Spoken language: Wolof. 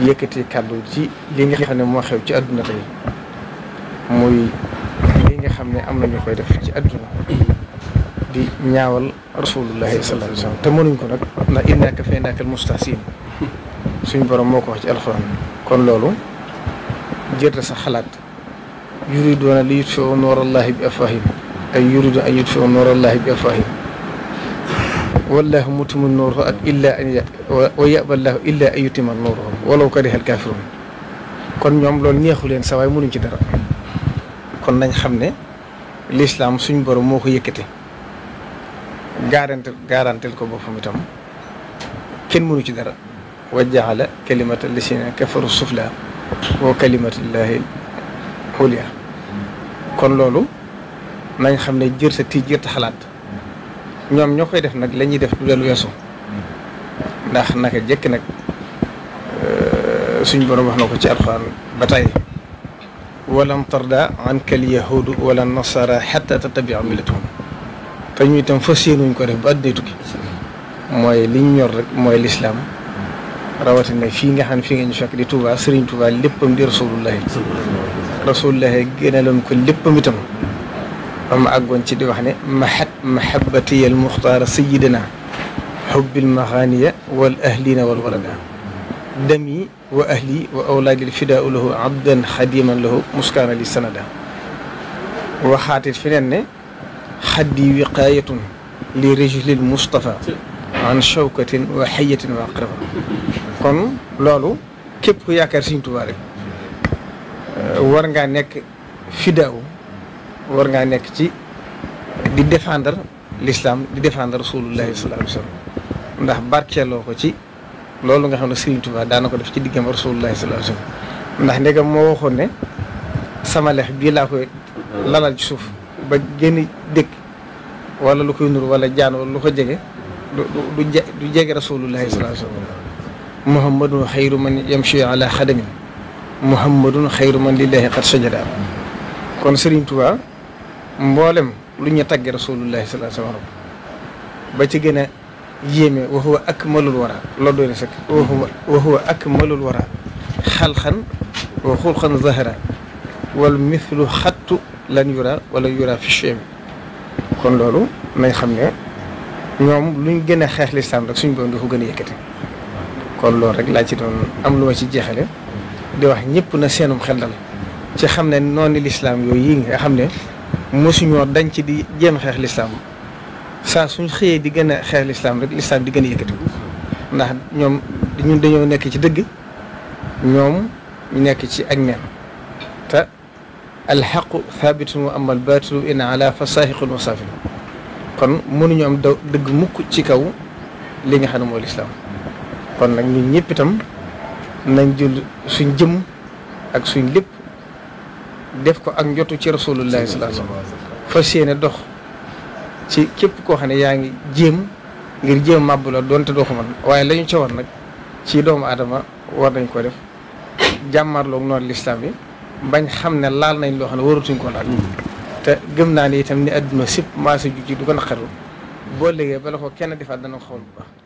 yëkëti kàddu ci li nga xamne mo xew ci aduna tay muy li nga xamne am nañu koy def ci aduna di ñaawal rasulullah sallallahu alayhi wasallam te mënuñ ko nak na inna kafaynaaka al-mustahzi'in suñu borom moo wax ci alxuraan kon loolu jërte sa xalaat yuriduuna li yutfi'u nuurallahi bi afwaahihim ay yuriduuna an yutfi'u nuurallahi bi afwaahihim والله متم النور الا ان ويأبى الله الا ان يتم نورهم ولو كره الكافرون كون نيوم لول نيهو لين سواي مونو نتي دار كون ناني خامني الاسلام سوني بروم موكو ييكتي غارنت غارنتل كو بوفامي تام كين مونو نتي دار وجعل كلمه اللسان كفر السفلى وكلمه الله العليا كون لولو ناني خامني جيرتي جيرت خلات جير ñoom ñoo koy def nag la ñuy def du dellu weesu ndax naka jëkk nag euh, suñ borom wax na ko ci alxuraan ba tey walan tarda anka alyahudu wala nasara xata tatabia millatahum te ñu itam fas yéenuñ ko def ba àddina tukki mooy liñ ñor rek mooy lislaam rawatina fii nga xam ne fii nga ñu fekk di Touba Serigne Touba léppam di rasulullahi rasulullahi gënaloon ko léppam itam وما أقول أنت دي وحني محب محبتي المختار سيدنا حب المغانية والأهلين والولد دمي وأهلي وأولاد الفداء له عبدا خديما له مسكانا لسندا وخات الفنان خدي وقاية لرجل المصطفى عن شوكة وحية وأقربة كون لولو كيف هي كارسين تبارك آه، ورنغا نك فداء war ngaa nekk ci di défendre l'islam di défendre rasulullahi sallallahu alayhi wa sallam ndax ko ci loolu nga xam ne Serigne Touba daan ko def ci diggam rasulullahi sallallahu alayhi wa ndax ndegam moo waxoon ne sama lex bii laa koy lalal ci suuf ba génn dëkk wala lu koy nur wala jaan wala lu ko jege du du du jege rasulullahi sallallahu alayhi wa sallam muhammadun xayru man yamshi ala xadamin muhammadun xayru man lillahi qad sajada kon Serigne Touba mboolem lu ñu tagge rasulullahi sallallahu alayhi wa sallam ba ci gën a yéeme wa huwa akmalul wara loolu doone sëkk wa huwa akmalul wara xalxan wa xulxan zahra wal mithlu xattu lan yura wala yura fi chemi kon loolu nañ xam ne ñoom luñ gën a xeex lislaam rek suñ doon dafa gën a yëkkati kon loolu rek laa ci doon am lu ma ci jeexale di wax ñëpp na seenum xel dal ci xam ne noonu lislaam yooyu yi nga xam ne mosuñoo dañ ci di jéem xeex lislaam saa suñ xëyee di gën a xeex lislaam rek lislaam di gën a yëkkati ndax ñoom ñun dañoo nekk ci dëgg ñoom ñu nekk ci ak neen te alxaqu thabitun wa amal batilu in ala fa saahiqun wa saafin kon mënuñu am dëgg mukk ci kaw li nga xam ne mooy lislaam kon nag ñun ñëpp itam nañ jël suñ jëm ak suñ lépp def ko ak njotu ci rasulullahi sallallahu alayhi wasallam fas yéene dox ci képp koo xam ne yaa ngi jéem ngir jéem màbb la doonte doo ko man waaye la ñu ca war nag ci doomu aadama war nañ ko def look noonu lislaam bi bañ xam ne laal nañ loo xam ne waratuñ ko laal te gëm naa ni itam ni àdduna sëpp maasa ju ci du ko naqaru boo léegi bala ko kenn defaat dana ko xawal baax